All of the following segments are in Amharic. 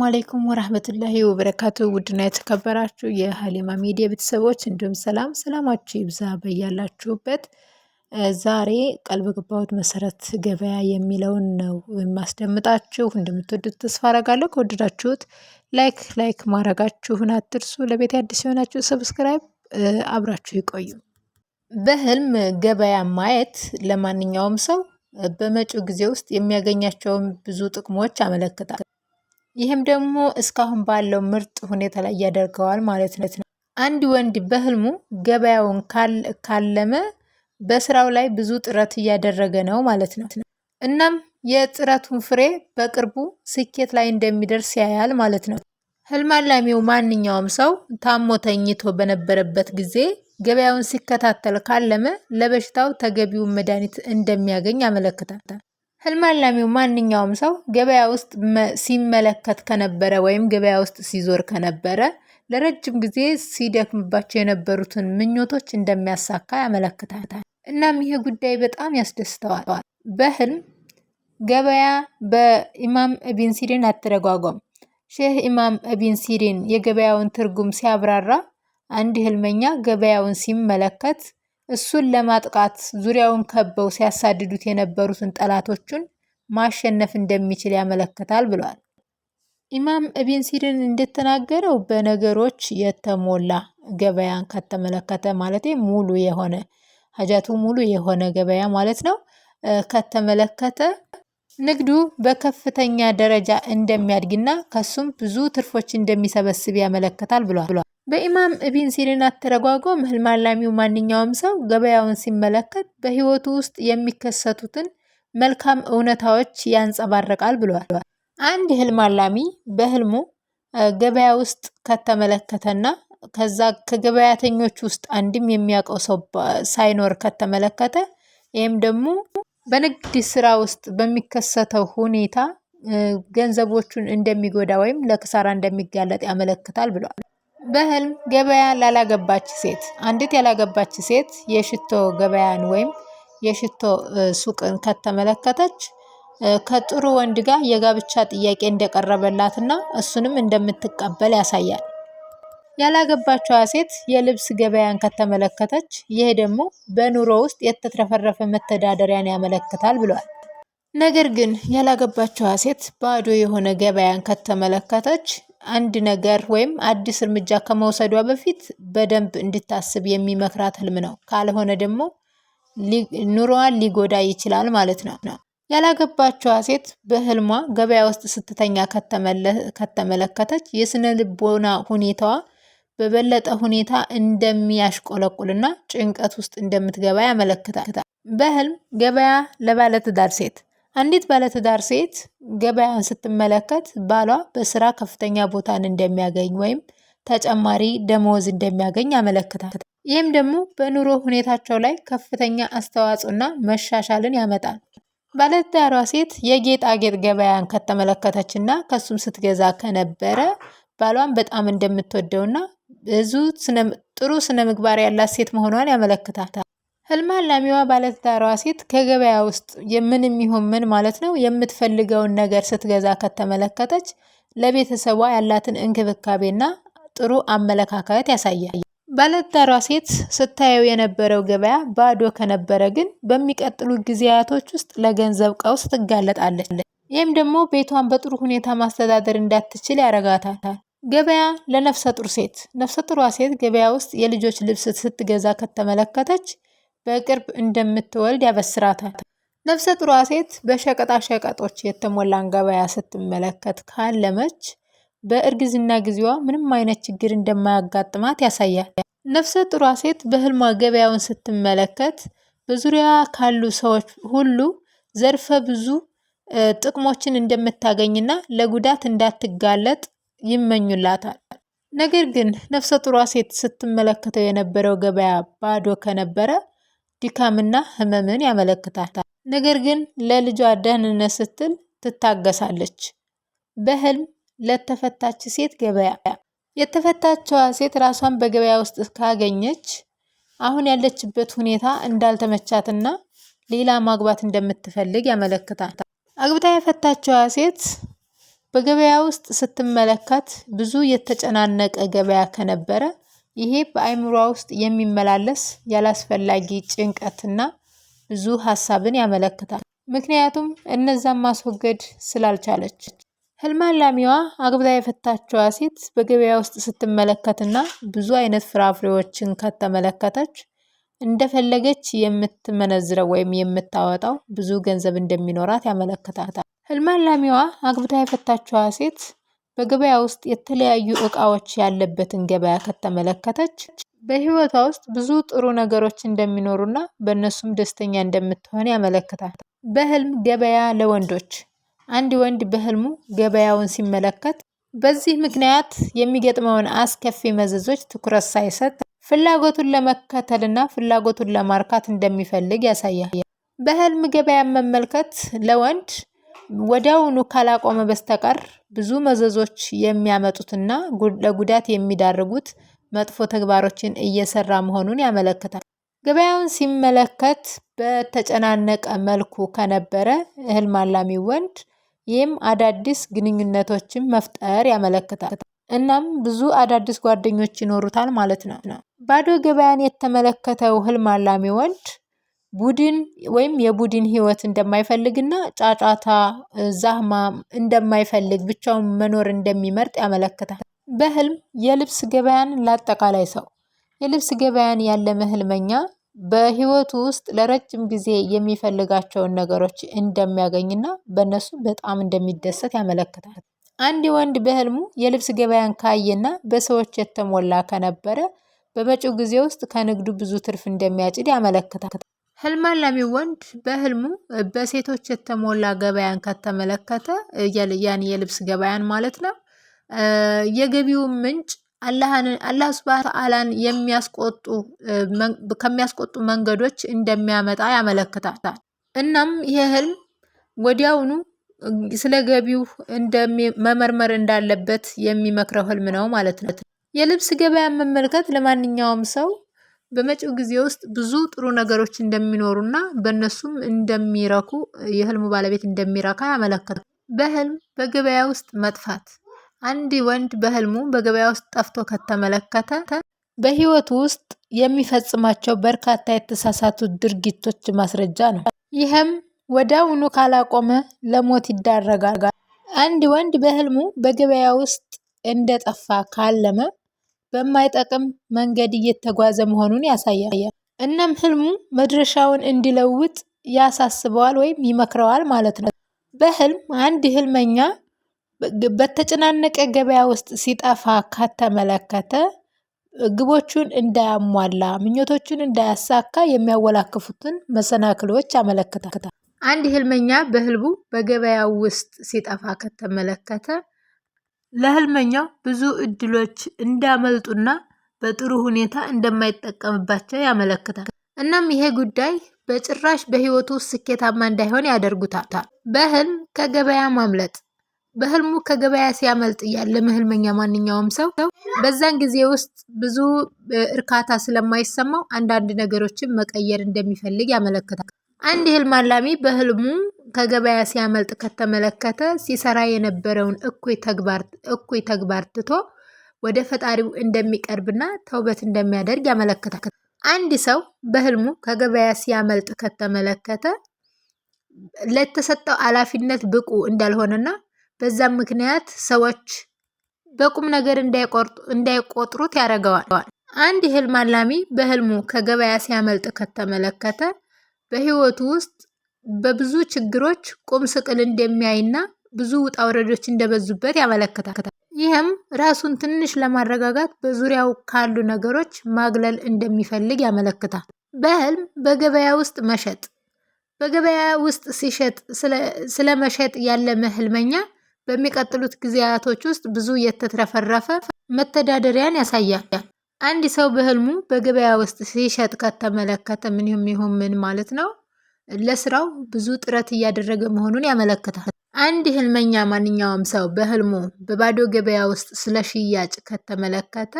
አሰላሙ አለይኩም ወራህመቱላሂ ወበረካቱ። ውድና የተከበራችሁ የሀሊማ ሚዲያ ቤተሰቦች እንዲሁም ሰላም ሰላማችሁ ይብዛ በያላችሁበት። ዛሬ ቀልብ ግባውት መሰረት ገበያ የሚለውን ነው የማስደምጣችሁ። እንደምትወዱት ተስፋ አረጋለሁ። ከወደዳችሁት ላይክ ላይክ ማድረጋችሁን አትርሱ። ለቤት አዲስ የሆናችሁ ሰብስክራይብ፣ አብራችሁ ይቆዩ። በህልም ገበያ ማየት ለማንኛውም ሰው በመጪው ጊዜ ውስጥ የሚያገኛቸውን ብዙ ጥቅሞች ያመለክታል። ይህም ደግሞ እስካሁን ባለው ምርጥ ሁኔታ ላይ ያደርገዋል ማለት ነው። አንድ ወንድ በህልሙ ገበያውን ካለመ በስራው ላይ ብዙ ጥረት እያደረገ ነው ማለት ነው። እናም የጥረቱን ፍሬ በቅርቡ ስኬት ላይ እንደሚደርስ ያያል ማለት ነው። ህልም አላሚው ማንኛውም ሰው ታሞ ተኝቶ በነበረበት ጊዜ ገበያውን ሲከታተል ካለመ ለበሽታው ተገቢውን መድኃኒት እንደሚያገኝ ያመለክታል። ህልም አላሚው ማንኛውም ሰው ገበያ ውስጥ ሲመለከት ከነበረ ወይም ገበያ ውስጥ ሲዞር ከነበረ ለረጅም ጊዜ ሲደክምባቸው የነበሩትን ምኞቶች እንደሚያሳካ ያመለክታታል። እናም ይህ ጉዳይ በጣም ያስደስተዋል። በህልም ገበያ በኢማም እቢን ሲሪን አተረጓጓም ሼህ ኢማም እቢን ሲሪን የገበያውን ትርጉም ሲያብራራ አንድ ህልመኛ ገበያውን ሲመለከት እሱን ለማጥቃት ዙሪያውን ከበው ሲያሳድዱት የነበሩትን ጠላቶቹን ማሸነፍ እንደሚችል ያመለክታል ብሏል። ኢማም እቢን ሲድን እንደተናገረው በነገሮች የተሞላ ገበያን ከተመለከተ ማለት ሙሉ የሆነ ሀጃቱ ሙሉ የሆነ ገበያ ማለት ነው ከተመለከተ ንግዱ በከፍተኛ ደረጃ እንደሚያድግና ከሱም ብዙ ትርፎች እንደሚሰበስብ ያመለክታል ብሏል። በኢማም ኢብን ሲሪን አተረጓጎም ህልም አላሚው ማንኛውም ሰው ገበያውን ሲመለከት በህይወቱ ውስጥ የሚከሰቱትን መልካም እውነታዎች ያንጸባርቃል ብለዋል። አንድ ህልም አላሚ በህልሙ ገበያ ውስጥ ከተመለከተና ከዛ ከገበያተኞች ውስጥ አንድም የሚያውቀው ሰው ሳይኖር ከተመለከተ ይህም ደግሞ በንግድ ስራ ውስጥ በሚከሰተው ሁኔታ ገንዘቦቹን እንደሚጎዳ ወይም ለክሳራ እንደሚጋለጥ ያመለክታል ብለዋል። በህልም ገበያ ላላገባች ሴት አንዲት ያላገባች ሴት የሽቶ ገበያን ወይም የሽቶ ሱቅን ከተመለከተች ከጥሩ ወንድ ጋር የጋብቻ ጥያቄ እንደቀረበላትና እሱንም እንደምትቀበል ያሳያል። ያላገባችዋ ሴት የልብስ ገበያን ከተመለከተች ይህ ደግሞ በኑሮ ውስጥ የተትረፈረፈ መተዳደሪያን ያመለክታል ብሏል። ነገር ግን ያላገባችዋ ሴት ባዶ የሆነ ገበያን ከተመለከተች አንድ ነገር ወይም አዲስ እርምጃ ከመውሰዷ በፊት በደንብ እንድታስብ የሚመክራት ህልም ነው። ካልሆነ ደግሞ ኑሮዋን ሊጎዳ ይችላል ማለት ነው። ያላገባችዋ ሴት በህልሟ ገበያ ውስጥ ስትተኛ ከተመለከተች የስነ ልቦና ሁኔታዋ በበለጠ ሁኔታ እንደሚያሽቆለቁልና ጭንቀት ውስጥ እንደምትገባ ያመለክታል። በህልም ገበያ ለባለትዳር ሴት አንዲት ባለትዳር ሴት ገበያን ስትመለከት ባሏ በስራ ከፍተኛ ቦታን እንደሚያገኝ ወይም ተጨማሪ ደመወዝ እንደሚያገኝ ያመለክታል። ይህም ደግሞ በኑሮ ሁኔታቸው ላይ ከፍተኛ አስተዋጽኦና መሻሻልን ያመጣል። ባለትዳሯ ሴት የጌጣጌጥ ገበያን ከተመለከተች እና ከሱም ስትገዛ ከነበረ ባሏን በጣም እንደምትወደውና ብዙ ጥሩ ስነ ምግባር ያላት ሴት መሆኗን ያመለክታታል። ህልም አላሚዋ ባለትዳሯ ሴት ከገበያ ውስጥ የምን የሚሆን ምን ማለት ነው የምትፈልገውን ነገር ስትገዛ ከተመለከተች ለቤተሰቧ ያላትን እንክብካቤና ጥሩ አመለካከት ያሳያል። ባለትዳሯ ሴት ስታየው የነበረው ገበያ ባዶ ከነበረ ግን በሚቀጥሉ ጊዜያቶች ውስጥ ለገንዘብ ቀውስ ትጋለጣለች። ይህም ደግሞ ቤቷን በጥሩ ሁኔታ ማስተዳደር እንዳትችል ያረጋታታል። ገበያ ለነፍሰ ጡር ሴት ነፍሰ ጡሯ ሴት ገበያ ውስጥ የልጆች ልብስ ስትገዛ ከተመለከተች በቅርብ እንደምትወልድ ያበስራታል። ነፍሰ ጡሯ ሴት በሸቀጣሸቀጦች የተሞላን ገበያ ስትመለከት ካለመች በእርግዝና ጊዜዋ ምንም አይነት ችግር እንደማያጋጥማት ያሳያል። ነፍሰ ጡሯ ሴት በህልሟ ገበያውን ስትመለከት በዙሪያ ካሉ ሰዎች ሁሉ ዘርፈ ብዙ ጥቅሞችን እንደምታገኝና ለጉዳት እንዳትጋለጥ ይመኙላታል። ነገር ግን ነፍሰ ጡሯ ሴት ስትመለከተው የነበረው ገበያ ባዶ ከነበረ ድካምና ህመምን ያመለክታታል። ነገር ግን ለልጇ ደህንነት ስትል ትታገሳለች። በህልም ለተፈታች ሴት ገበያ የተፈታችዋ ሴት ራሷን በገበያ ውስጥ ካገኘች አሁን ያለችበት ሁኔታ እንዳልተመቻትና ሌላ ማግባት እንደምትፈልግ ያመለክታል። አግብታ የፈታችዋ ሴት በገበያ ውስጥ ስትመለከት ብዙ የተጨናነቀ ገበያ ከነበረ ይሄ በአይምሯ ውስጥ የሚመላለስ ያላስፈላጊ ጭንቀትና ብዙ ሀሳብን ያመለክታል። ምክንያቱም እነዛን ማስወገድ ስላልቻለች። ህልማላሚዋ አግብታ የፈታችዋ ሴት በገበያ ውስጥ ስትመለከትና ብዙ አይነት ፍራፍሬዎችን ከተመለከተች እንደፈለገች የምትመነዝረው ወይም የምታወጣው ብዙ ገንዘብ እንደሚኖራት ያመለክታታል። ህልም አግብታ የፈታችዋ ሴት በገበያ ውስጥ የተለያዩ እቃዎች ያለበትን ገበያ ከተመለከተች በህይወቷ ውስጥ ብዙ ጥሩ ነገሮች እንደሚኖሩና በእነሱም ደስተኛ እንደምትሆን ያመለክታል። በህልም ገበያ ለወንዶች አንድ ወንድ በህልሙ ገበያውን ሲመለከት በዚህ ምክንያት የሚገጥመውን አስከፊ መዘዞች ትኩረት ሳይሰጥ ፍላጎቱን ለመከተልና ፍላጎቱን ለማርካት እንደሚፈልግ ያሳያል። በህልም ገበያ መመልከት ለወንድ ወዲያውኑ ካላቆመ በስተቀር ብዙ መዘዞች የሚያመጡትና ለጉዳት የሚዳርጉት መጥፎ ተግባሮችን እየሰራ መሆኑን ያመለክታል። ገበያውን ሲመለከት በተጨናነቀ መልኩ ከነበረ እህል ማላሚ ወንድ ይህም አዳዲስ ግንኙነቶችን መፍጠር ያመለክታል። እናም ብዙ አዳዲስ ጓደኞች ይኖሩታል ማለት ነው። ባዶ ገበያን የተመለከተው እህል ማላሚ ወንድ ቡድን ወይም የቡድን ህይወት እንደማይፈልግና ጫጫታ ዛህማ እንደማይፈልግ ብቻውን መኖር እንደሚመርጥ ያመለክታል። በህልም የልብስ ገበያን ለአጠቃላይ ሰው የልብስ ገበያን ያለመ ህልመኛ በህይወቱ ውስጥ ለረጅም ጊዜ የሚፈልጋቸውን ነገሮች እንደሚያገኝና በእነሱ በጣም እንደሚደሰት ያመለክታል። አንድ ወንድ በህልሙ የልብስ ገበያን ካየና በሰዎች የተሞላ ከነበረ በመጪው ጊዜ ውስጥ ከንግዱ ብዙ ትርፍ እንደሚያጭድ ያመለክታል። ህልም አላሚው ወንድ በህልሙ በሴቶች የተሞላ ገበያን ከተመለከተ ያን የልብስ ገበያን ማለት ነው። የገቢው ምንጭ አላህ ሱብሃነ ተዓላን ከሚያስቆጡ መንገዶች እንደሚያመጣ ያመለክታል። እናም ይህ ህልም ወዲያውኑ ስለ ገቢው መመርመር እንዳለበት የሚመክረው ህልም ነው ማለት ነው። የልብስ ገበያን መመልከት ለማንኛውም ሰው በመጪው ጊዜ ውስጥ ብዙ ጥሩ ነገሮች እንደሚኖሩና በእነሱም እንደሚረኩ የህልሙ ባለቤት እንደሚረካ ያመለክታል። በህልም በገበያ ውስጥ መጥፋት አንድ ወንድ በህልሙ በገበያ ውስጥ ጠፍቶ ከተመለከተ በህይወቱ ውስጥ የሚፈጽማቸው በርካታ የተሳሳቱ ድርጊቶች ማስረጃ ነው። ይህም ወዲያውኑ ካላቆመ ለሞት ይዳረጋል። አንድ ወንድ በህልሙ በገበያ ውስጥ እንደጠፋ ካለመ በማይጠቅም መንገድ እየተጓዘ መሆኑን ያሳያል። እናም ህልሙ መድረሻውን እንዲለውጥ ያሳስበዋል ወይም ይመክረዋል ማለት ነው። በህልም አንድ ህልመኛ በተጨናነቀ ገበያ ውስጥ ሲጠፋ ከተመለከተ ግቦቹን እንዳያሟላ፣ ምኞቶቹን እንዳያሳካ የሚያወላክፉትን መሰናክሎች ያመለክታል። አንድ ህልመኛ በህልቡ በገበያ ውስጥ ሲጠፋ ከተመለከተ ለህልመኛው ብዙ እድሎች እንዳመልጡና በጥሩ ሁኔታ እንደማይጠቀምባቸው ያመለክታል። እናም ይሄ ጉዳይ በጭራሽ በህይወቱ ውስጥ ስኬታማ እንዳይሆን ያደርጉታል። በህልም ከገበያ ማምለጥ በህልሙ ከገበያ ሲያመልጥ ያለ ህልመኛ ማንኛውም ሰው በዛን ጊዜ ውስጥ ብዙ እርካታ ስለማይሰማው አንዳንድ ነገሮችን መቀየር እንደሚፈልግ ያመለክታል። አንድ ህልም አላሚ በህልሙ ከገበያ ሲያመልጥ ከተመለከተ ሲሰራ የነበረውን እኩይ ተግባር ትቶ ወደ ፈጣሪው እንደሚቀርብና ተውበት እንደሚያደርግ ያመለክታል። አንድ ሰው በህልሙ ከገበያ ሲያመልጥ ከተመለከተ ለተሰጠው ኃላፊነት ብቁ እንዳልሆነና በዛም ምክንያት ሰዎች በቁም ነገር እንዳይቆጥሩት ያደርገዋል። አንድ ህልም አላሚ በህልሙ ከገበያ ሲያመልጥ ከተመለከተ በህይወቱ ውስጥ በብዙ ችግሮች ቁም ስቅል እንደሚያይና ብዙ ውጣ ውረዶች እንደበዙበት ያመለክታል። ይህም ራሱን ትንሽ ለማረጋጋት በዙሪያው ካሉ ነገሮች ማግለል እንደሚፈልግ ያመለክታል። በህልም በገበያ ውስጥ መሸጥ በገበያ ውስጥ ሲሸጥ ስለ መሸጥ ያለመ ህልመኛ በሚቀጥሉት ጊዜያቶች ውስጥ ብዙ የተትረፈረፈ መተዳደሪያን ያሳያል። አንድ ሰው በህልሙ በገበያ ውስጥ ሲሸጥ ከተመለከተ ምን የሚሆን ምን ማለት ነው? ለስራው ብዙ ጥረት እያደረገ መሆኑን ያመለክታል። አንድ ህልመኛ ማንኛውም ሰው በህልሙ በባዶ ገበያ ውስጥ ስለ ሽያጭ ከተመለከተ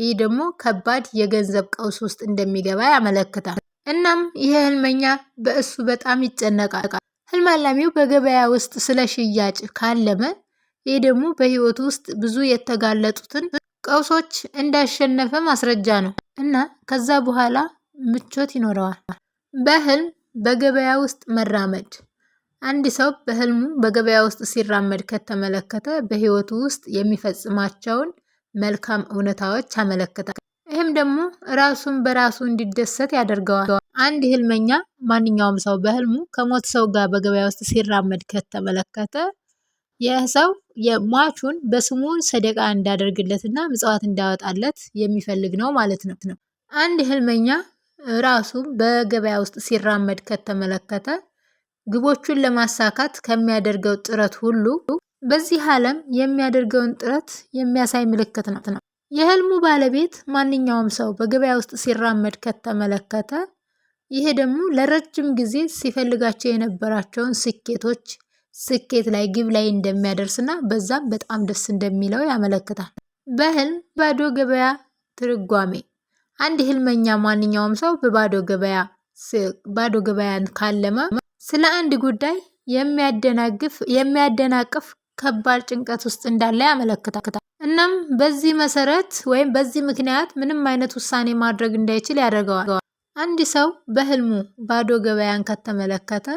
ይህ ደግሞ ከባድ የገንዘብ ቀውስ ውስጥ እንደሚገባ ያመለክታል። እናም ይህ ህልመኛ በእሱ በጣም ይጨነቃል። ህልም አላሚው በገበያ ውስጥ ስለ ሽያጭ ካለመ ይህ ደግሞ በህይወቱ ውስጥ ብዙ የተጋለጡትን ቀውሶች እንዳሸነፈ ማስረጃ ነው እና ከዛ በኋላ ምቾት ይኖረዋል። በህልም በገበያ ውስጥ መራመድ አንድ ሰው በህልሙ በገበያ ውስጥ ሲራመድ ከተመለከተ በህይወቱ ውስጥ የሚፈጽማቸውን መልካም እውነታዎች ያመለክታል። ይህም ደግሞ ራሱን በራሱ እንዲደሰት ያደርገዋል። አንድ ህልመኛ ማንኛውም ሰው በህልሙ ከሞት ሰው ጋር በገበያ ውስጥ ሲራመድ ከተመለከተ የሰው የሟቹን በስሙ ሰደቃ እንዳደርግለትና ምጽዋት እንዳወጣለት የሚፈልግ ነው ማለት ነው። አንድ ህልመኛ ራሱ በገበያ ውስጥ ሲራመድ ከተመለከተ ግቦቹን ለማሳካት ከሚያደርገው ጥረት ሁሉ በዚህ ዓለም የሚያደርገውን ጥረት የሚያሳይ ምልክት ነው። የህልሙ ባለቤት ማንኛውም ሰው በገበያ ውስጥ ሲራመድ ከተመለከተ ይሄ ደግሞ ለረጅም ጊዜ ሲፈልጋቸው የነበራቸውን ስኬቶች ስኬት ላይ ግብ ላይ እንደሚያደርስና በዛም በጣም ደስ እንደሚለው ያመለክታል። በህልም ባዶ ገበያ ትርጓሜ አንድ ህልመኛ ማንኛውም ሰው በባዶ ገበያ ባዶ ገበያን ካለመ ስለ አንድ ጉዳይ የሚያደናግፍ የሚያደናቅፍ ከባድ ጭንቀት ውስጥ እንዳለ ያመለክታል። እናም በዚህ መሰረት ወይም በዚህ ምክንያት ምንም አይነት ውሳኔ ማድረግ እንዳይችል ያደርገዋል። አንድ ሰው በህልሙ ባዶ ገበያን ከተመለከተ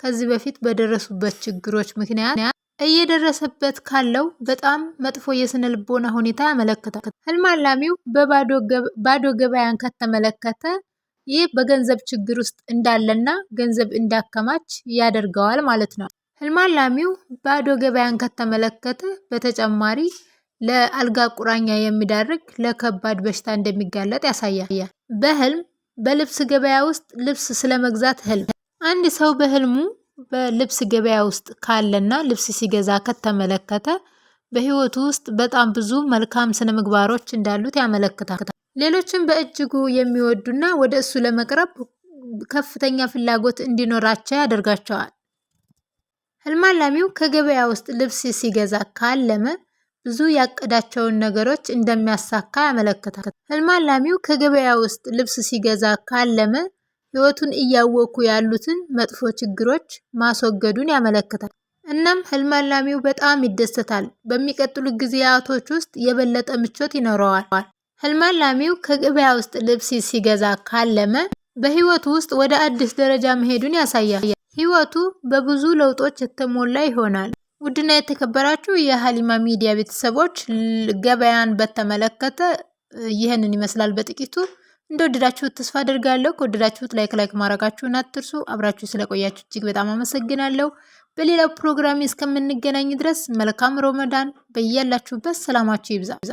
ከዚህ በፊት በደረሱበት ችግሮች ምክንያት እየደረሰበት ካለው በጣም መጥፎ የስነ ልቦና ሁኔታ ያመለክታል። ህልም አላሚው በባዶ ገበያን ከተመለከተ ይህ በገንዘብ ችግር ውስጥ እንዳለና ገንዘብ እንዳከማች ያደርገዋል ማለት ነው። ህልም አላሚው ባዶ ገበያን ከተመለከተ በተጨማሪ ለአልጋ ቁራኛ የሚዳርግ ለከባድ በሽታ እንደሚጋለጥ ያሳያል። በህልም በልብስ ገበያ ውስጥ ልብስ ስለመግዛት ህልም አንድ ሰው በህልሙ በልብስ ገበያ ውስጥ ካለና ልብስ ሲገዛ ከተመለከተ በህይወቱ ውስጥ በጣም ብዙ መልካም ስነ ምግባሮች እንዳሉት ያመለክታል። ሌሎችን በእጅጉ የሚወዱና ወደ እሱ ለመቅረብ ከፍተኛ ፍላጎት እንዲኖራቸው ያደርጋቸዋል። ህልማላሚው ከገበያ ውስጥ ልብስ ሲገዛ ካለመ ብዙ ያቀዳቸውን ነገሮች እንደሚያሳካ ያመለክታል። ህልማላሚው ከገበያ ውስጥ ልብስ ሲገዛ ካለመ ሕይወቱን እያወኩ ያሉትን መጥፎ ችግሮች ማስወገዱን ያመለክታል። እናም ህልም አላሚው በጣም ይደሰታል። በሚቀጥሉት ጊዜያቶች ውስጥ የበለጠ ምቾት ይኖረዋል። ህልም አላሚው ከገበያ ውስጥ ልብስ ሲገዛ ካለመ በህይወቱ ውስጥ ወደ አዲስ ደረጃ መሄዱን ያሳያል። ህይወቱ በብዙ ለውጦች የተሞላ ይሆናል። ውድና የተከበራችሁ የሀሊማ ሚዲያ ቤተሰቦች ገበያን በተመለከተ ይህንን ይመስላል በጥቂቱ። እንደወደዳችሁት ተስፋ አድርጋለሁ። ከወደዳችሁት ላይክ ላይክ ማድረጋችሁን አትርሱ። አብራችሁ ስለቆያችሁ እጅግ በጣም አመሰግናለሁ። በሌላው ፕሮግራም እስከምንገናኝ ድረስ መልካም ሮመዳን። በያላችሁበት ሰላማችሁ ይብዛ።